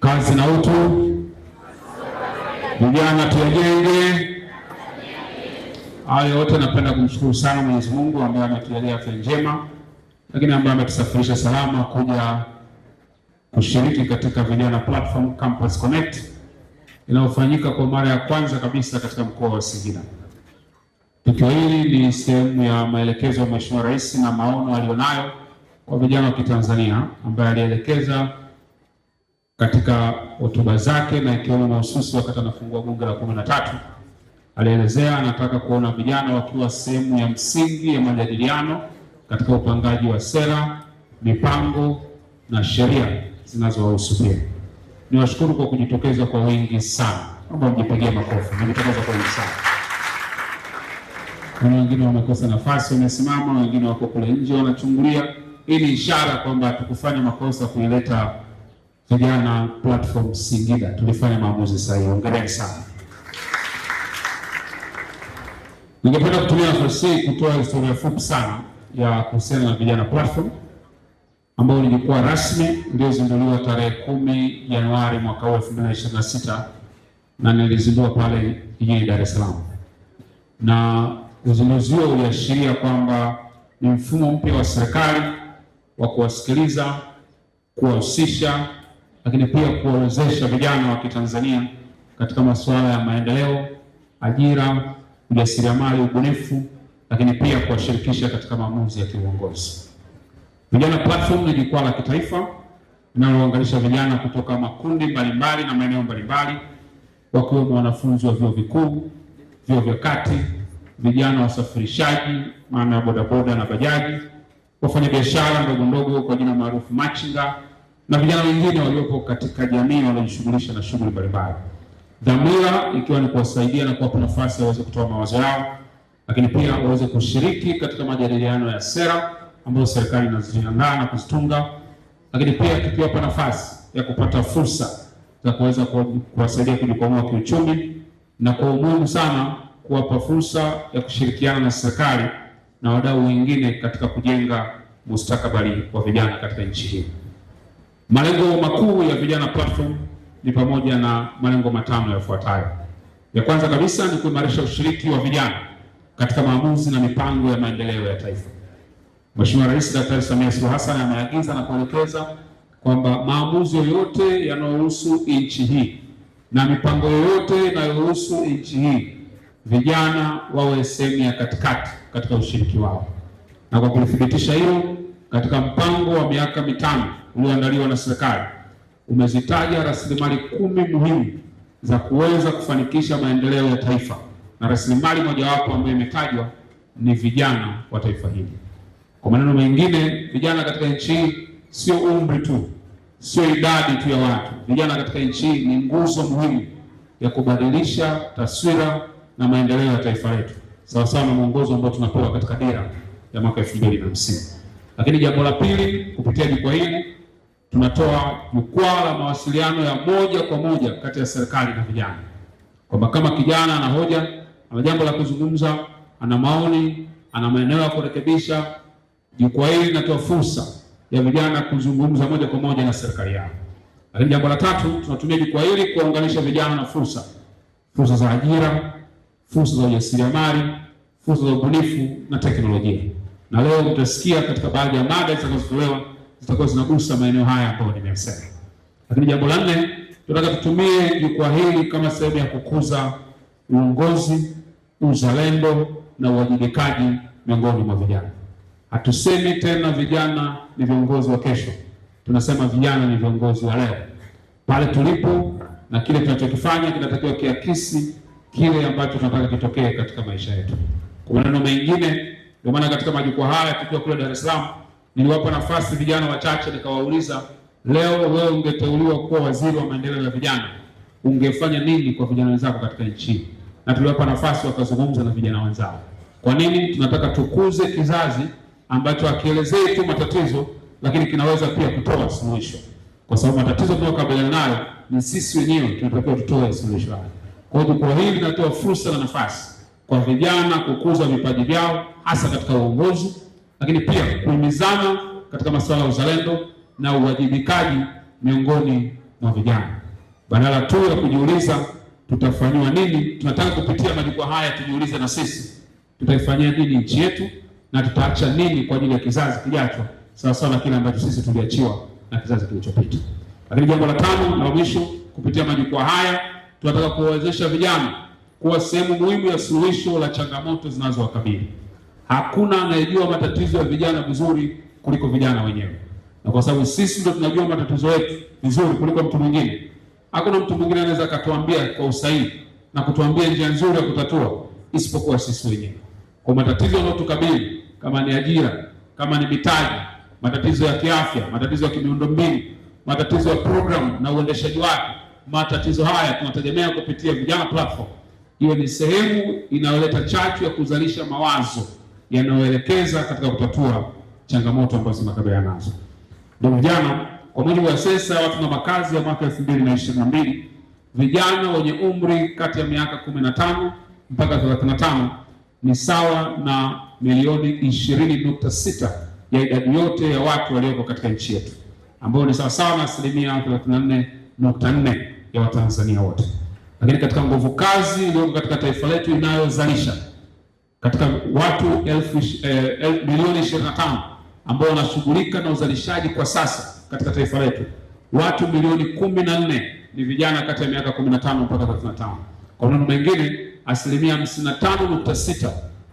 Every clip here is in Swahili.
kazi na utu. Vijana tuyajenge hayo yote. Napenda kumshukuru sana Mwenyezi Mungu ambaye ametujalia afya njema, lakini ambaye ametusafirisha salama kuja kushiriki katika vijana platform Campus Connect inayofanyika kwa mara ya kwanza kabisa katika mkoa wa Singida. Tukio hili ni sehemu ya maelekezo ya Mheshimiwa Rais na maono aliyonayo kwa vijana wa Kitanzania ambaye alielekeza katika hotuba zake na ikiwemo mahususi wakati anafungua bunge la kumi na tatu alielezea anataka kuona vijana wakiwa sehemu ya msingi ya majadiliano katika upangaji wa sera, mipango na sheria zinazowahusu. Pia niwashukuru kwa kujitokeza kwa wingi sana, naomba mjipigie makofi. Nimetokeza kwa wingi sana. Kuna wengine wamekosa nafasi, wamesimama, wengine wako kule nje wanachungulia. Hii ni ishara kwamba tukufanya makosa kuileta vijana platform Singida tulifanya maamuzi sahihi. Hongereni sana. Ningependa kutumia nafasi hii kutoa historia fupi sana ya kuhusiana na vijana platform ambayo ni jukwaa rasmi iliyozinduliwa tarehe kumi Januari mwaka huu 2026 na nilizindua pale jijini Dar es Salaam, na uzinduzi huo uliashiria kwamba ni mfumo mpya wa serikali wa kuwasikiliza, kuwahusisha lakini pia kuwawezesha vijana wa Kitanzania katika masuala ya maendeleo, ajira, ujasiriamali, ubunifu, lakini pia kuwashirikisha katika maamuzi ya kiuongozi. Vijana Platform ni jukwaa la kitaifa linalounganisha vijana kutoka makundi mbalimbali na maeneo mbalimbali, wakiwemo wanafunzi wa vyuo vikuu, vyuo vya kati, vijana wasafirishaji, maana ya bodaboda na bajaji, wafanyabiashara ndogo ndogo kwa jina maarufu machinga na vijana wengine waliopo katika jamii wanaojishughulisha na shughuli mbalimbali, dhamira ikiwa ni kuwasaidia na kuwapa nafasi waweze kutoa mawazo yao, lakini pia waweze kushiriki katika majadiliano ya sera ambazo serikali inaziandaa na kuzitunga, lakini pia tukiwapa nafasi ya kupata fursa za kuweza kuwasaidia kujikwamua kiuchumi, na kwa umuhimu sana kuwapa fursa ya kushirikiana na serikali na wadau wengine katika kujenga mustakabali wa vijana katika nchi hii. Malengo makuu ya Vijana Platform ni pamoja na malengo matano yafuatayo. Ya kwanza kabisa ni kuimarisha ushiriki wa vijana katika maamuzi na mipango ya maendeleo ya taifa. Mheshimiwa Rais Daktari Samia Suluhu Hassan ameagiza na kuelekeza kwamba maamuzi yoyote yanayohusu nchi hii na mipango yoyote inayohusu nchi hii, vijana wawe sehemu ya katikati katika ushiriki wao, na kwa kulithibitisha hilo katika mpango wa miaka mitano ulioandaliwa na serikali umezitaja rasilimali kumi muhimu za kuweza kufanikisha maendeleo ya taifa, na rasilimali mojawapo ambayo imetajwa ni vijana wa taifa hili. Kwa maneno mengine, vijana katika nchi hii sio umri tu, sio idadi tu ya watu. Vijana katika nchi hii ni nguzo muhimu ya kubadilisha taswira na maendeleo ya taifa letu, sawasawa na mwongozo ambao tunapewa katika dira ya mwaka 2050. Lakini jambo la pili, kupitia jukwaa hili tunatoa jukwaa la mawasiliano ya moja kwa moja kati ya serikali na vijana, kwamba kama kijana ana hoja, ana jambo la kuzungumza, ana maoni, ana maeneo ya kurekebisha, jukwaa hili linatoa fursa ya vijana kuzungumza moja kwa moja na serikali yao. Lakini jambo la tatu, tunatumia jukwaa hili kuwaunganisha vijana na fursa, fursa za ajira, fursa za ujasiriamali, fursa za ubunifu na teknolojia. Na leo utasikia katika baadhi ya mada zitakazotolewa zitakuwa zinagusa maeneo haya ambayo nimesema. Lakini jambo la nne, tunataka tutumie jukwaa hili kama sehemu ya kukuza uongozi, uzalendo na uwajibikaji miongoni mwa vijana. Hatusemi tena vijana ni viongozi wa kesho, tunasema vijana ni viongozi wa leo. Pale tulipo na kile tunachokifanya kinatakiwa kiakisi kile ambacho tunataka kitokee katika maisha yetu. Kwa maneno mengine, ndio maana katika majukwaa haya tukiwa kule Dar es Salaam niliwapa nafasi vijana wachache, nikawauliza leo wewe ungeteuliwa kuwa waziri wa maendeleo ya vijana ungefanya nini kwa vijana wenzako katika nchi? Na tuliwapa nafasi wakazungumza na vijana wenzao. Kwa nini tunataka tukuze kizazi ambacho hakielezei tu matatizo, lakini kinaweza pia kutoa suluhisho, kwa sababu matatizo tunayokabiliana nayo ni sisi wenyewe, tunatakiwa tutoe suluhisho hayo. Kwa hiyo jukwaa hili linatoa fursa na nafasi kwa vijana kukuza vipaji vyao hasa katika uongozi lakini pia kuhimizana katika masuala ya uzalendo na uwajibikaji miongoni mwa vijana, badala tu ya kujiuliza tutafanyiwa nini. Tunataka kupitia majukwaa haya tujiulize na sisi tutaifanyia nini nchi yetu na tutaacha nini kwa ajili ya kizazi kijacho, sawa sawa na kile ambacho sisi tuliachiwa na kizazi kilichopita. Lakini jambo la tano na la mwisho, kupitia majukwaa haya tunataka kuwawezesha vijana kuwa sehemu muhimu ya suluhisho la changamoto zinazowakabili. Hakuna anayejua matatizo ya vijana vizuri kuliko vijana wenyewe, na kwa sababu sisi ndo tunajua matatizo yetu vizuri kuliko mtu mwingine. Hakuna mtu mwingine anaweza akatuambia kwa usahihi na kutuambia njia nzuri ya kutatua isipokuwa sisi wenyewe. Kwa matatizo yanayotukabili, kama ni ajira, kama ni mitaji, matatizo ya kiafya, matatizo ya kimiundombinu, matatizo ya programu na uendeshaji wake, matatizo haya tunategemea kupitia vijana platform hiyo ni sehemu inayoleta chachu ya kuzalisha mawazo yanayoelekeza katika kutatua changamoto ambazo zinakabiliana nazo. Ndugu vijana, kwa mujibu wa sensa ya watu na makazi ya mwaka 2022 vijana wenye umri kati ya miaka 15 mpaka 35 ni sawa na milioni 20.6 ya idadi yote ya watu walioko katika nchi yetu, ambayo ni sawa sawa na asilimia 34.4 ya Watanzania wote. Lakini katika nguvu kazi iliyoko katika taifa letu inayozalisha katika watu eh, milioni eh, 25 ambao wanashughulika na uzalishaji kwa sasa katika taifa letu, watu milioni 14 ni vijana kati ya miaka 15 mpaka 35. Kwa maneno mengine, asilimia 55.6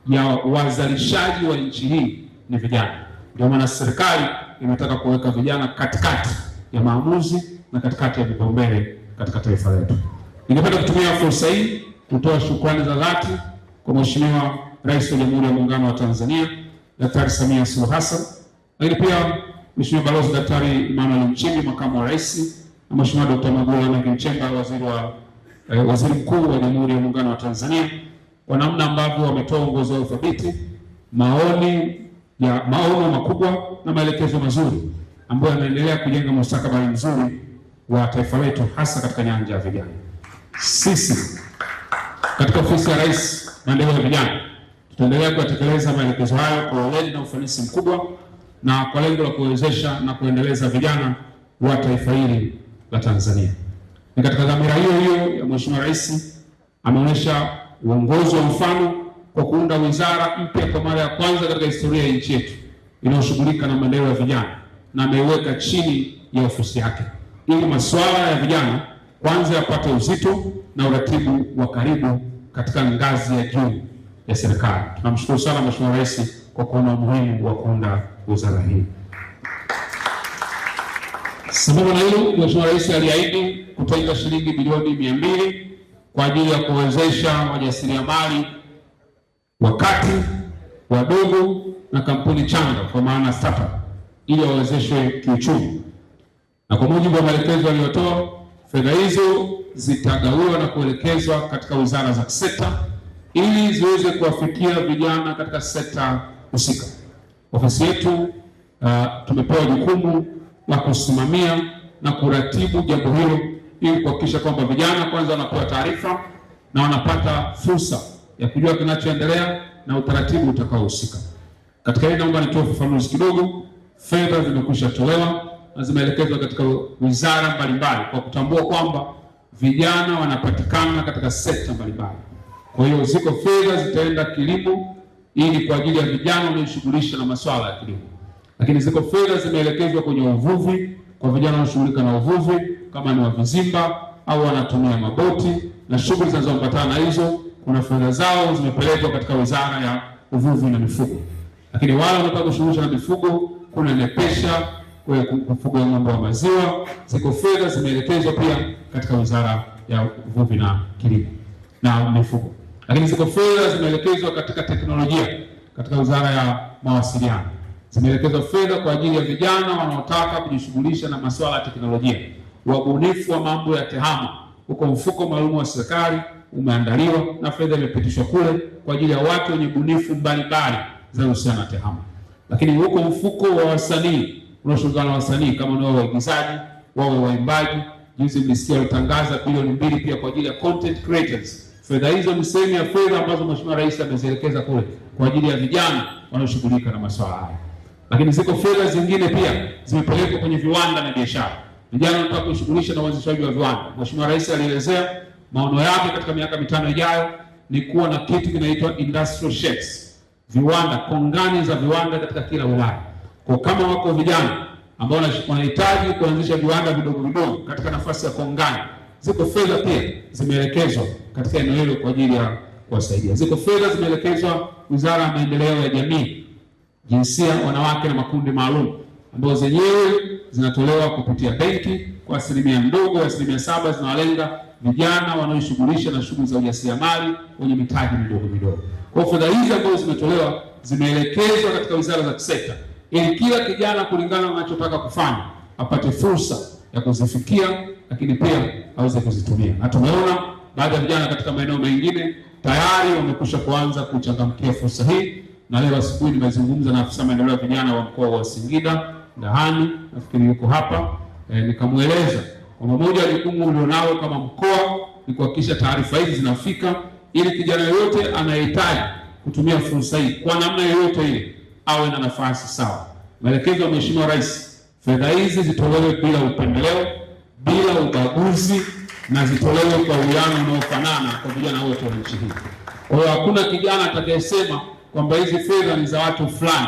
ya wazalishaji wa nchi hii ni vijana. Ndio maana serikali imetaka kuweka vijana katikati ya maamuzi na katikati ya vipaumbele katika taifa letu. Ningependa kutumia fursa hii kutoa shukrani za dhati kwa Mheshimiwa Rais wa Jamhuri ya Muungano wa Tanzania Daktari Samia Suluhu Hassan, lakini pia Mheshimiwa Balozi Daktari Emmanuel Nchimbi, makamu wa rais, na Mheshimiwa Dkt. Mwigulu Nchemba, waziri wa eh, waziri mkuu wa Jamhuri ya Muungano wa Tanzania, kwa namna ambavyo wametoa uongozi wao thabiti, maoni ya maono makubwa na maelekezo mazuri ambayo yanaendelea kujenga mustakabali mzuri wa taifa letu, hasa katika nyanja ya vijana. Sisi katika ofisi ya Rais maendeleo ya vijana Tutaendelea kuyatekeleza maelekezo hayo kwa weledi na ufanisi mkubwa na kwa lengo la kuwezesha na kuendeleza vijana wa taifa hili la Tanzania. Ni katika dhamira hiyo hiyo ya Mheshimiwa Rais ameonyesha uongozi wa mfano kwa kuunda wizara mpya kwa mara ya kwanza katika historia ya nchi yetu inayoshughulika na maendeleo ya vijana na ameiweka chini ya ofisi yake ili masuala ya vijana kwanza yapate uzito na uratibu wa karibu katika ngazi ya juu ya serikali. Tunamshukuru sana Mheshimiwa Rais kwa kuona umuhimu wa kuunda wizara hii. sababu na hilo, Mheshimiwa Rais aliahidi kutenga shilingi bilioni mia mbili kwa ajili ya kuwezesha wajasiriamali wakati wadogo na kampuni changa kwa maana startup ili wawezeshwe kiuchumi, na kwa mujibu wa maelekezo aliyotoa, fedha hizo zitagawiwa na kuelekezwa katika wizara za kisekta ili ziweze kuwafikia vijana katika sekta husika. Ofisi yetu uh, tumepewa jukumu la kusimamia na kuratibu jambo hilo ili kuhakikisha kwamba vijana kwanza wanapewa taarifa na wanapata fursa ya kujua kinachoendelea na utaratibu utakaohusika. Katika hili naomba nitoe ufafanuzi kidogo. Fedha zimekwisha tolewa na zimeelekezwa katika wizara mbalimbali kwa kutambua kwamba vijana wanapatikana katika sekta mbalimbali. Kwa hiyo ziko fedha zitaenda kilimo, ili kwa ajili ya vijana wanaoshughulisha na masuala ya kilimo, lakini ziko fedha zimeelekezwa kwenye uvuvi kwa vijana wanaoshughulika na uvuvi, kama ni wavizimba au wanatumia maboti na shughuli zinazoambatana hizo, kuna fedha zao zimepelekwa katika wizara ya uvuvi na mifugo. Lakini wale wanataka kushughulisha na mifugo, kuna nepesha kufuga ng'ombe wa maziwa, ziko fedha zimeelekezwa pia katika wizara ya uvuvi na kilimo na mifugo. Lakini ziko fedha zimeelekezwa katika teknolojia katika Wizara ya Mawasiliano, zimeelekezwa fedha kwa ajili ya vijana wanaotaka kujishughulisha na masuala ya teknolojia, wabunifu wa mambo ya tehama. Huko mfuko maalum wa serikali umeandaliwa na fedha imepitishwa kule kwa ajili ya watu wenye bunifu mbalimbali zinazohusiana na tehama. Lakini huko mfuko wa wasanii unaoshughulika na wasanii kama nao waigizaji, wawe waimbaji. Juzi mlisikia utangaza bilioni mbili pia kwa ajili ya content creators Fedha hizo ni sehemu ya fedha ambazo Mheshimiwa Rais amezielekeza kule kwa ajili ya vijana wanaoshughulika na masuala haya, lakini ziko fedha zingine pia zimepelekwa kwenye viwanda na biashara. Vijana wanataka kushughulisha na uanzishaji wa viwanda. Mheshimiwa Rais alielezea maono yake katika miaka mitano ijayo ni kuwa na kitu kinaitwa industrial sheds, viwanda, kongani za viwanda katika kila wilaya. Kwa kama wako vijana ambao wanahitaji kuanzisha viwanda vidogo vidogo katika nafasi ya kongani ziko fedha pia zimeelekezwa katika eneo hilo kwa ajili ya kuwasaidia. Ziko fedha zimeelekezwa Wizara ya Maendeleo ya Jamii, Jinsia, Wanawake na Makundi Maalum, ambazo zenyewe zinatolewa kupitia benki kwa asilimia ndogo ya asilimia saba, zinawalenga vijana wanaoshughulisha na shughuli za ujasiriamali wenye mitaji midogo midogo. Kwa hiyo fedha hizi ambazo zimetolewa zimeelekezwa katika wizara za kisekta, ili kila kijana kulingana na anachotaka kufanya apate fursa ya kuzifikia, lakini pia aweze kuzitumia, na tumeona baadhi ya vijana katika maeneo mengine tayari wamekwisha kuanza kuchangamkia fursa hii, na leo asubuhi nimezungumza na afisa maendeleo ya vijana wa mkoa wa Singida Dahani, nafikiri yuko hapa e, nikamweleza kwamba moja ya jukumu ulionao kama mkoa ni kuhakikisha taarifa hizi zinafika ili kijana yoyote anayehitaji kutumia fursa hii kwa namna yoyote ile awe na nafasi sawa. Maelekezo ya Mheshimiwa Rais, fedha hizi zitolewe bila upendeleo bila ubaguzi na zitolewe kwa uwiano unaofanana kwa vijana wote wa nchi hii. Kwa hiyo hakuna kijana atakayesema kwamba hizi fedha ni za watu fulani.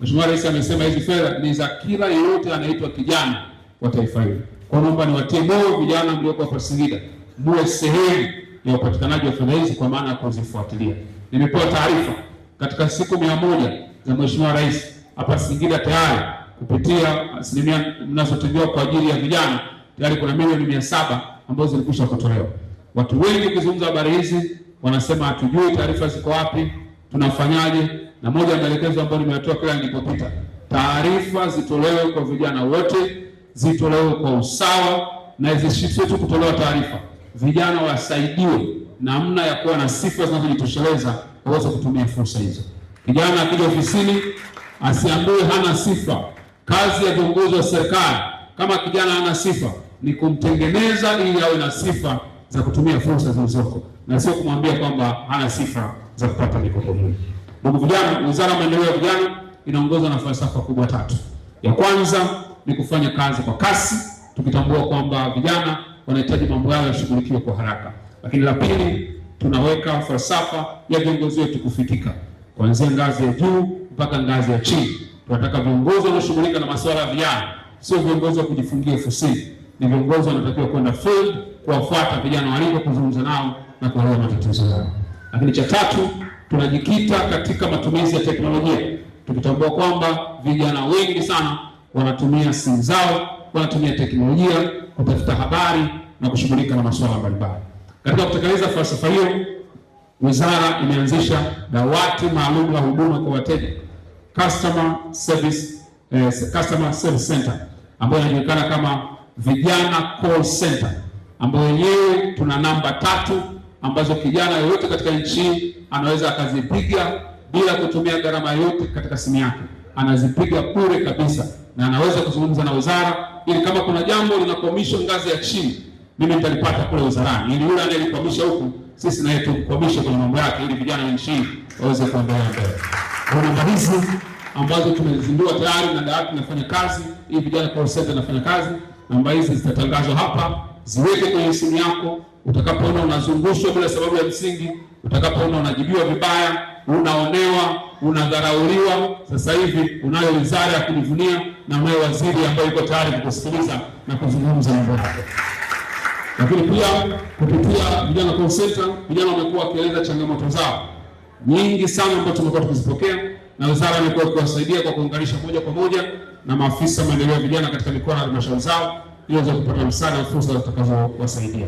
Mheshimiwa Rais amesema hizi fedha ni za kila yeyote anaitwa kijana wa taifa hili. Kwa naomba niwatie moyo vijana mlioko hapa Singida, muwe sehemu ya upatikanaji wa fedha hizi kwa maana ya kuzifuatilia. Nimepewa taarifa katika siku mia moja za Mheshimiwa Rais hapa Singida tayari kupitia asilimia mnazotengewa kwa ajili ya vijana tayari kuna milioni mia saba ambazo zilikwisha kutolewa. Watu wengi kuzungumza habari hizi wanasema hatujui taarifa ziko wapi, tunafanyaje? Na moja ya maelekezo ambayo nimeyatoa kila nilipopita, taarifa zitolewe kwa vijana wote, zitolewe kwa usawa na zisishie tu kutolewa taarifa. Vijana wasaidiwe namna ya kuwa na sifa zinazojitosheleza waweze kutumia fursa hizo. Kijana akija ofisini asiambiwe hana sifa. Kazi ya viongozi wa serikali, kama kijana hana sifa ni kumtengeneza ili awe na sifa za kutumia fursa zilizoko na sio kumwambia kwamba hana sifa za kupata mikopo mingi. Ndugu vijana, Wizara ya Maendeleo ya Vijana inaongozwa na falsafa kubwa tatu. Ya kwanza ni kufanya kazi kwa kasi, tukitambua kwamba vijana wanahitaji mambo yao yashughulikiwe kwa haraka. Lakini la pili, tunaweka falsafa ya viongozi wetu kufikika, kuanzia ngazi ya juu mpaka ngazi ya chini. Tunataka viongozi wanaoshughulika na masuala ya vijana, sio viongozi wa kujifungia ofisini ni viongozi wanatakiwa kwenda field kuwafuata vijana walivyo, kuzungumza nao na kuelewa matatizo yao. Lakini cha tatu, tunajikita katika matumizi ya teknolojia, tukitambua kwamba vijana wengi sana wanatumia simu zao, wanatumia teknolojia kutafuta habari na kushughulika na masuala mbalimbali. Katika kutekeleza falsafa hiyo, wizara imeanzisha dawati maalum la huduma kwa wateja customer service, eh, customer service center ambayo inajulikana kama vijana call center, ambayo yenyewe tuna namba tatu ambazo kijana yoyote katika nchi anaweza akazipiga bila kutumia gharama yoyote katika simu yake, anazipiga bure kabisa, na anaweza kuzungumza na wizara, ili kama kuna jambo linakwamishwa ngazi ya chini, mimi nitalipata kule wizarani, ili yaani yule anayelikwamisha huku, sisi naye tukwamishe kwenye mambo yake, ili vijana wa nchi waweze kuendelea mbele. Namba hizi ambazo tumezindua tayari na dawati inafanya kazi, hii vijana call center inafanya kazi namba hizi zitatangazwa hapa, ziweke kwenye simu yako. Utakapoona unazungushwa bila sababu ya msingi, utakapoona unajibiwa vibaya, unaonewa, unadharauliwa, sasa hivi unayo wizara ya kujivunia na unayo waziri ambaye yuko tayari kukusikiliza na kuzungumza na wewe. Lakini pia kupitia vijana call center, vijana wamekuwa wakieleza changamoto zao nyingi sana ambazo tumekuwa tukizipokea, na wizara imekuwa ikiwasaidia kwa kuunganisha moja kwa moja na maafisa maendeleo ya vijana katika mikoa na halmashauri zao ili waweze kupata msaada na fursa zitakazowasaidia.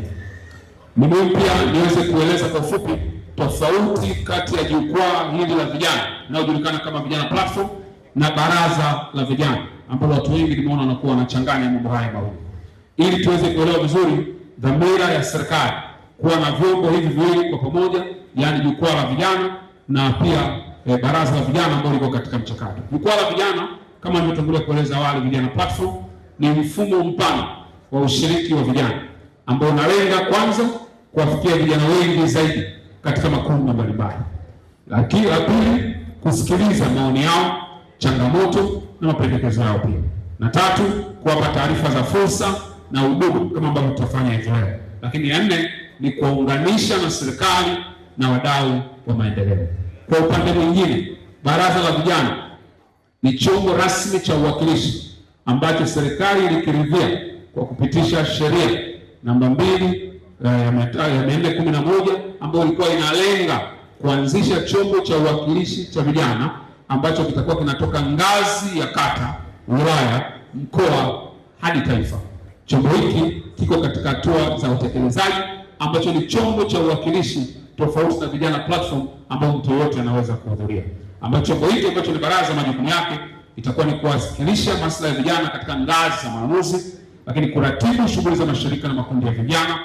Ni muhimu pia niweze kueleza kwa ufupi tofauti kati ya jukwaa hili la vijana linalojulikana kama Vijana Platform na Baraza la Vijana ambapo watu wengi nimeona wanakuwa wanachanganya mambo haya mawili, ili tuweze kuelewa vizuri dhamira ya serikali kuwa na vyombo hivi viwili kwa pamoja, yaani jukwaa la vijana na pia eh, baraza la vijana ambalo liko katika mchakato. Jukwaa la vijana kama nilivyotangulia kueleza awali, vijana platform ni mfumo mpana wa ushiriki wa vijana ambao unalenga kwanza kuwafikia vijana wengi zaidi katika makundi mbalimbali, lakini la pili kusikiliza maoni yao, changamoto na mapendekezo yao pia, na tatu kuwapa taarifa za fursa na huduma kama ambavyo tutafanya hivyo leo, lakini ya nne ni kuwaunganisha na serikali na wadau wa maendeleo. Kwa upande mwingine, baraza la vijana ni chombo rasmi cha uwakilishi ambacho serikali ilikiridhia kwa kupitisha sheria namba mbili eh, ya mia nne kumi na moja ambayo ilikuwa inalenga kuanzisha chombo cha uwakilishi cha vijana ambacho kitakuwa kinatoka ngazi ya kata, wilaya, mkoa hadi taifa. Chombo hiki kiko katika hatua za utekelezaji, ambacho ni chombo cha uwakilishi tofauti na vijana platform, ambao mtu yoyote anaweza kuhudhuria ambacho chombo hiki ambacho ni baraza, majukumu yake itakuwa ni kuwakilisha maslahi ya vijana katika ngazi za maamuzi, lakini kuratibu shughuli za mashirika na makundi ya vijana,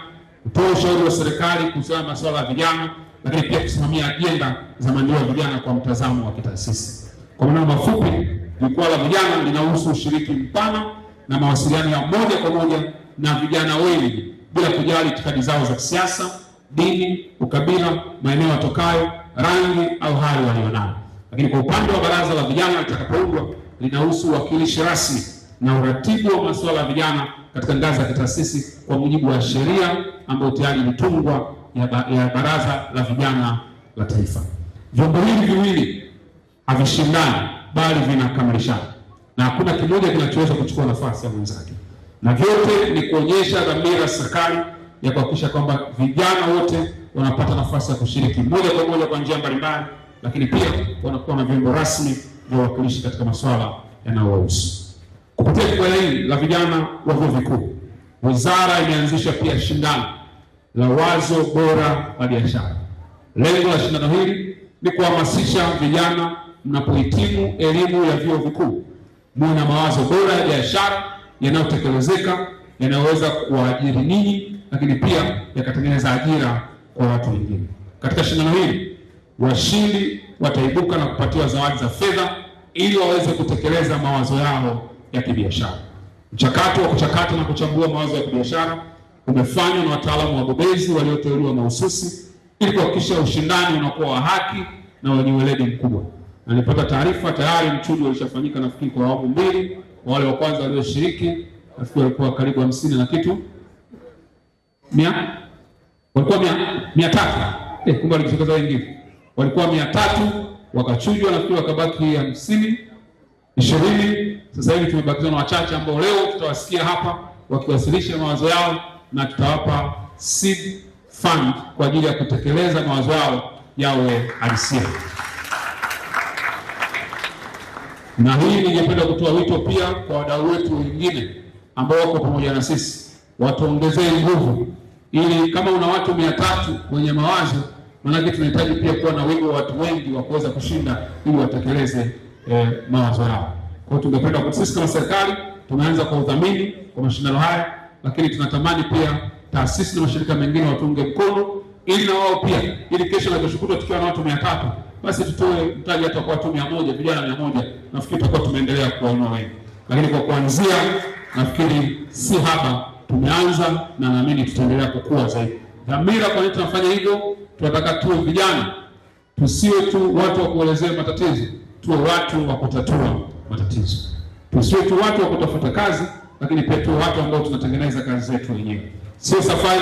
kutoa ushauri wa serikali kuhusiana na masuala ya vijana, lakini pia kusimamia ajenda za maendeleo ya vijana kwa mtazamo wa kitaasisi. Kwa maneno mafupi, jukwaa la vijana linahusu ushiriki mpana na mawasiliano ya moja kwa moja na vijana wengi bila kujali itikadi zao za kisiasa, dini, ukabila, maeneo watokayo, rangi au hali walionayo. Lakini kwa upande wa baraza la vijana litakapoundwa, linahusu uwakilishi rasmi na uratibu wa masuala ya vijana katika ngazi ya kitaasisi kwa mujibu wa sheria ambayo tayari imetungwa ya, ba, ya baraza la vijana la taifa. Vyombo hivi viwili havishindani, bali vinakamilishana na hakuna kimoja kinachoweza kuchukua nafasi ya mwenzake, na vyote ni kuonyesha dhamira serikali ya kuhakikisha kwamba vijana wote wanapata nafasi ya kushiriki moja kwa moja kwa njia mbalimbali lakini pia wanakuwa na vyombo rasmi vya uwakilishi katika masuala yanayowahusu. Kupitia jukwaa hili la vijana wa vyuo vikuu, wizara imeanzisha pia shindano la wazo bora la biashara. Lengo la shindano hili ni kuhamasisha vijana, mnapohitimu elimu ya vyuo vikuu, muwe na mawazo bora ya biashara yanayotekelezeka, yanayoweza kuwaajiri ninyi, lakini pia yakatengeneza ajira kwa watu wengine. Katika shindano hili Washindi wataibuka na kupatiwa zawadi za fedha ili waweze kutekeleza mawazo yao ya kibiashara. Mchakato wa kuchakata na kuchambua mawazo ya kibiashara umefanywa na wataalamu wabobezi walioteuliwa mahususi ili kuhakikisha ushindani unakuwa wa haki na wenye weledi mkubwa. Na nilipata taarifa tayari mchujo ulishafanyika, nafikiri kwa awamu mbili. Wale wa kwanza walioshiriki nafikiri walikuwa karibu hamsini na kitu mia, walikuwa mia, mia tatu. Eh, kumbe walijitokeza wengine walikuwa mia tatu wakachujwa, na nafikiri wakabaki hamsini ishirini. Sasa hivi tumebakizwa na wachache ambao leo tutawasikia hapa wakiwasilisha mawazo yao na tutawapa seed fund kwa ajili ya kutekeleza mawazo yao yawe halisia. Na hii ningependa kutoa wito pia kwa wadau wetu wengine ambao wako pamoja na sisi, watuongezee nguvu, ili kama una watu mia tatu wenye mawazo Maanake tunahitaji pia kuwa na wingi wa watu wengi wa kuweza kushinda ili watekeleze eh, mawazo yao. Kwa hiyo tungependa kwa sisi kama serikali tumeanza kwa udhamini kwa mashindano haya, lakini tunatamani pia taasisi na mashirika mengine watunge mkono ili na wao pia, ili kesho na kesho kutwa tukiwa na watu mia tatu basi tutoe mtaji hata kwa watu mia moja vijana mia moja nafikiri tutakuwa tumeendelea kuwainua wengi, lakini kwa kuanzia nafikiri si haba tumeanza na naamini tutaendelea kukua zaidi. Dhamira kwa nini tunafanya hivyo? Tunataka tuwe vijana, tusiwe tu watu wa kuelezea matatizo, tuwe watu wa kutatua matatizo. Tusiwe tu watu wa kutafuta kazi, lakini pia tuwe watu ambao tunatengeneza kazi zetu wenyewe, sio safari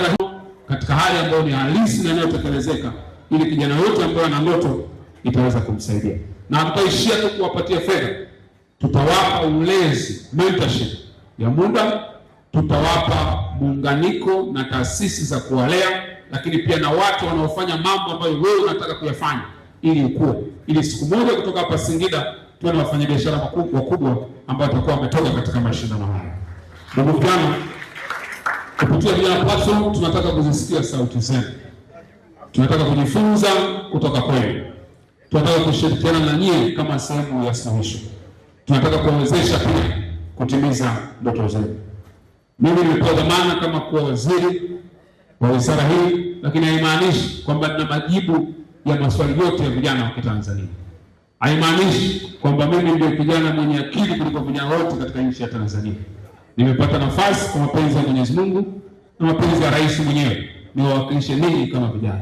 katika hali ambayo ni halisi na inayotekelezeka, ili kijana yote ambaye ana ndoto itaweza kumsaidia. Na hatutaishia tu kuwapatia fedha, tutawapa ulezi mentorship ya muda, tutawapa muunganiko na taasisi za kuwalea, lakini pia na watu wanaofanya mambo ambayo wewe unataka kuyafanya ili ukue, ili siku moja kutoka hapa Singida tuwe na wafanyabiashara wakubwa ambao watakuwa wametoka katika mashindano haya. Ndugu vijana, kupitia Vijana Platform tunataka kuzisikia sauti zenu, tunataka kujifunza kutoka kwenu, tunataka kushirikiana na nyie kama sehemu ya suluhisho, tunataka kuwawezesha pia kutimiza ndoto zenu. Mimi nimepewa dhamana kama kuwa waziri wa wizara hii, lakini haimaanishi kwamba nina majibu ya maswali yote ya vijana wa Kitanzania. Haimaanishi kwamba mimi ndio kijana mwenye akili kuliko vijana wote katika nchi ya Tanzania. Nimepata nafasi kwa mapenzi ya Mwenyezi Mungu na mapenzi ya rais mwenyewe, niwawakilishe ninyi kama vijana,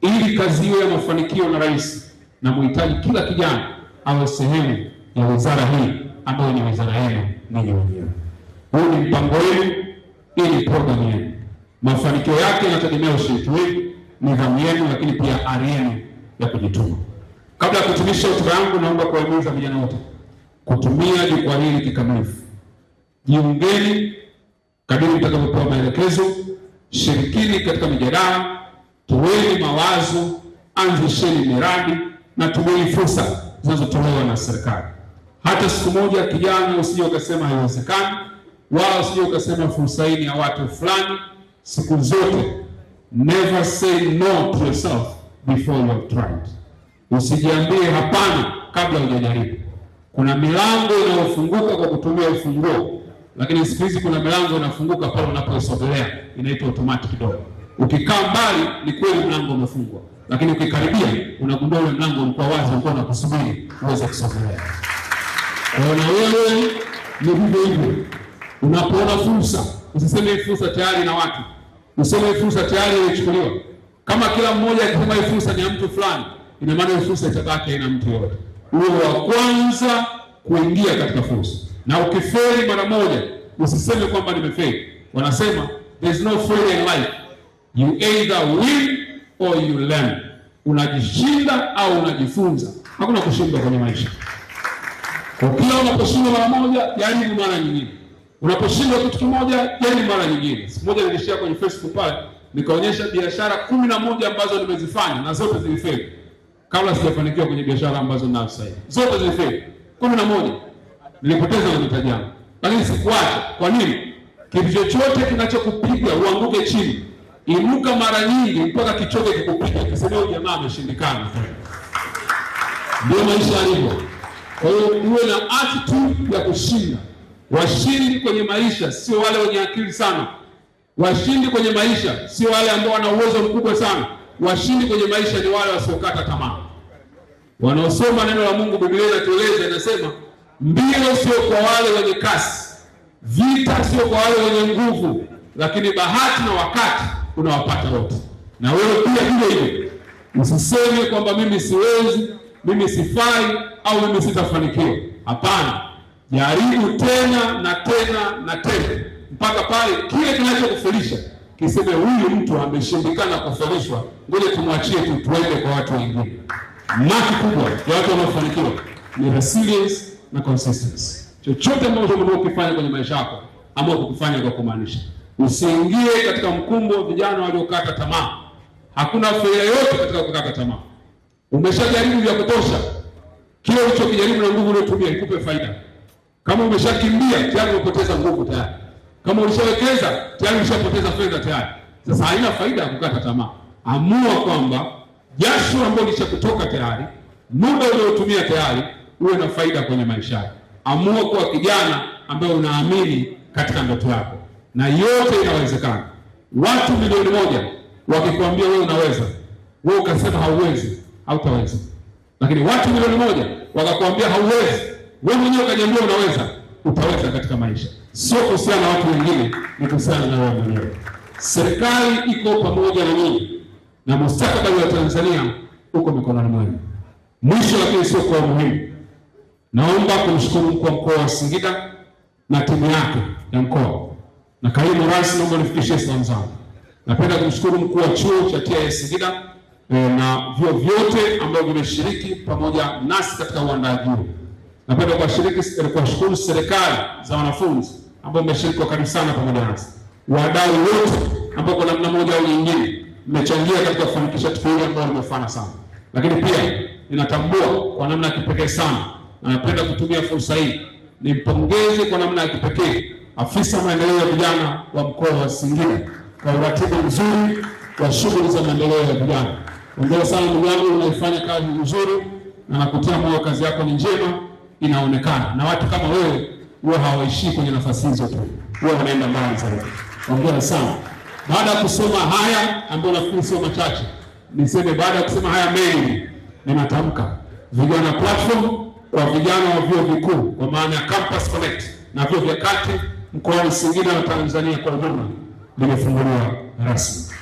ili kazi hiyo ya mafanikio na rais, na muhitaji kila kijana awe sehemu ya wizara hii ambayo ni wizara yenu ninyi wenyewe. Huu ni mpango wenu, hii ni programu yenu. Mafanikio yake yanategemea ushiriki wenu, nidhamu yenu, lakini pia ari yenu ya kujituma. Kabla ya kutumisha hotuba yangu, naomba kuwahimiza vijana wote kutumia jukwaa hili kikamilifu. Jiungeni kadiri mtakavyopewa maelekezo, shirikini katika mijadala, toweni mawazo, anzisheni miradi na tumeni fursa zinazotolewa na serikali. Hata siku moja kijana usije ukasema haiwezekani wala sio ukasema fursa hii ni ya watu fulani. Siku zote never say no to yourself before you have tried. Usijiambie hapana kabla hujajaribu. Kuna milango inayofunguka kwa kutumia ufunguo, lakini siku hizi kuna milango inafunguka pale unapoisogelea, inaitwa automatic door. Ukikaa mbali, ni kweli mlango umefungwa, lakini ukikaribia, unagundua ule mlango ulikuwa wazi, ulikuwa unakusubiri uweze kusogelea. Kwa hiyo na wewe ni hivyo hivyo. Unapoona fursa, usiseme fursa tayari na watu, useme fursa tayari imechukuliwa. Kama kila mmoja akisema hii fursa ni ya mtu fulani, ina maana hii fursa itabaki haina mtu yoyote. Uwe wa kwanza kuingia katika fursa, na ukifeli mara moja usiseme kwamba nimefeli. Wanasema there is no failure in life, you either win or you learn. Unajishinda au unajifunza, hakuna kushindwa kwenye maisha. Kwa kila unaposhindwa mara moja, yaani ni mara nyingine. Unaposhindwa kitu kimoja, jeni mara nyingine. Siku moja nilishia kwenye Facebook pale, nikaonyesha biashara kumi na moja ambazo nimezifanya na zote zilifeli, kabla sijafanikiwa kwenye biashara ambazo ninazo sasa hivi. Zote zilifeli kumi na moja, nilipoteza na mtaji wangu, lakini sikuacha. Kwa nini? Kitu chochote kinachokupiga uanguke chini, inuka mara nyingi mpaka kichoke kikupiga, kisema huyu jamaa ameshindikana. Ndio maisha yalivyo. Kwa hiyo uwe na attitude ya kushinda. Washindi kwenye maisha sio wale wenye akili sana. Washindi kwenye maisha sio wale ambao wana uwezo mkubwa sana. Washindi kwenye maisha ni wale wasiokata tamaa, wanaosoma neno la Mungu. Biblia inatueleza, inasema mbio sio kwa wale wenye kasi, vita sio kwa wale wenye nguvu, lakini bahati na wakati unawapata wote. Na wewe pia hivyo hivyo, usiseme kwamba mimi siwezi, mimi sifai au mimi sitafanikiwa. Hapana. Jaribu tena na tena na tena mpaka pale kile kinachokufundisha kiseme huyu mtu ameshindikana kufanishwa, ngoja tumwachie tu tuende kwa watu wengine. Maki kubwa ya watu wanaofanikiwa ni resilience na consistency. Chochote ambacho unataka kukifanya kwenye maisha yako, ambao kukufanya kwa kumaanisha, usiingie katika mkumbo vijana waliokata tamaa. Hakuna faida yote katika kukata tamaa. Umeshajaribu vya kutosha, kile ulichokijaribu na nguvu uliotumia ikupe faida. Kama umeshakimbia tayari umepoteza nguvu tayari, kama ulishawekeza tayari umeshapoteza fedha tayari. Sasa haina faida ya kukata tamaa. Amua kwamba jasho ambalo lishakutoka tayari, muda uliotumia tayari, uwe na faida kwenye maisha yako. Amua kuwa kijana ambaye unaamini katika ndoto yako, na yote inawezekana. Watu milioni moja wakikwambia wewe unaweza, wewe ukasema hauwezi, hautaweza. Lakini watu milioni moja wakakwambia hauwezi wewe mwenyewe ukajambia unaweza, utaweza katika maisha. Sio kuhusiana na watu wengine, ni kuhusiana na wewe mwenyewe. Serikali iko pamoja na nyinyi na mustakabali wa Tanzania uko mikononi mwenu. Mwisho lakini sio kwa muhimu, naomba kumshukuru mkuu wa mkoa wa Singida na timu yake ya mkoa na kaimu rasmi, naomba nifikishie salamu zangu. Napenda kumshukuru mkuu wa chuo cha TIS Singida e, na vyuo vyote ambavyo vimeshiriki pamoja nasi katika uandaaji huu. Napenda eh, kuwashukuru serikali za wanafunzi ambao mmeshiriki kwa karibu sana pamoja nasi, wadau wote ambao kwa namna moja au nyingine mmechangia katika kufanikisha tukio hili ambalo limefana sana. Lakini pia ninatambua kwa namna ya kipekee sana, na napenda kutumia fursa hii nimpongeze kwa namna ya kipekee afisa maendeleo ya vijana wa mkoa wa Singida kwa uratibu mzuri wa shughuli za maendeleo ya vijana. Hongera sana ndugu yangu, unaifanya kazi nzuri na nakutia moyo, kazi yako ni njema inaonekana, na watu kama wewe huwa hawaishii kwenye nafasi hizo tu, huwa wanaenda mbali zaidi. Hongera sana. Baada ya kusoma haya ambayo nafikiri sio machache, niseme baada ya kusema haya mengi, ninatamka vijana platform kwa vijana wa vyuo vikuu kwa maana ya Campus Connect na vyuo vya kati wa Singida na Tanzania kwa ujumla limefunguliwa rasmi.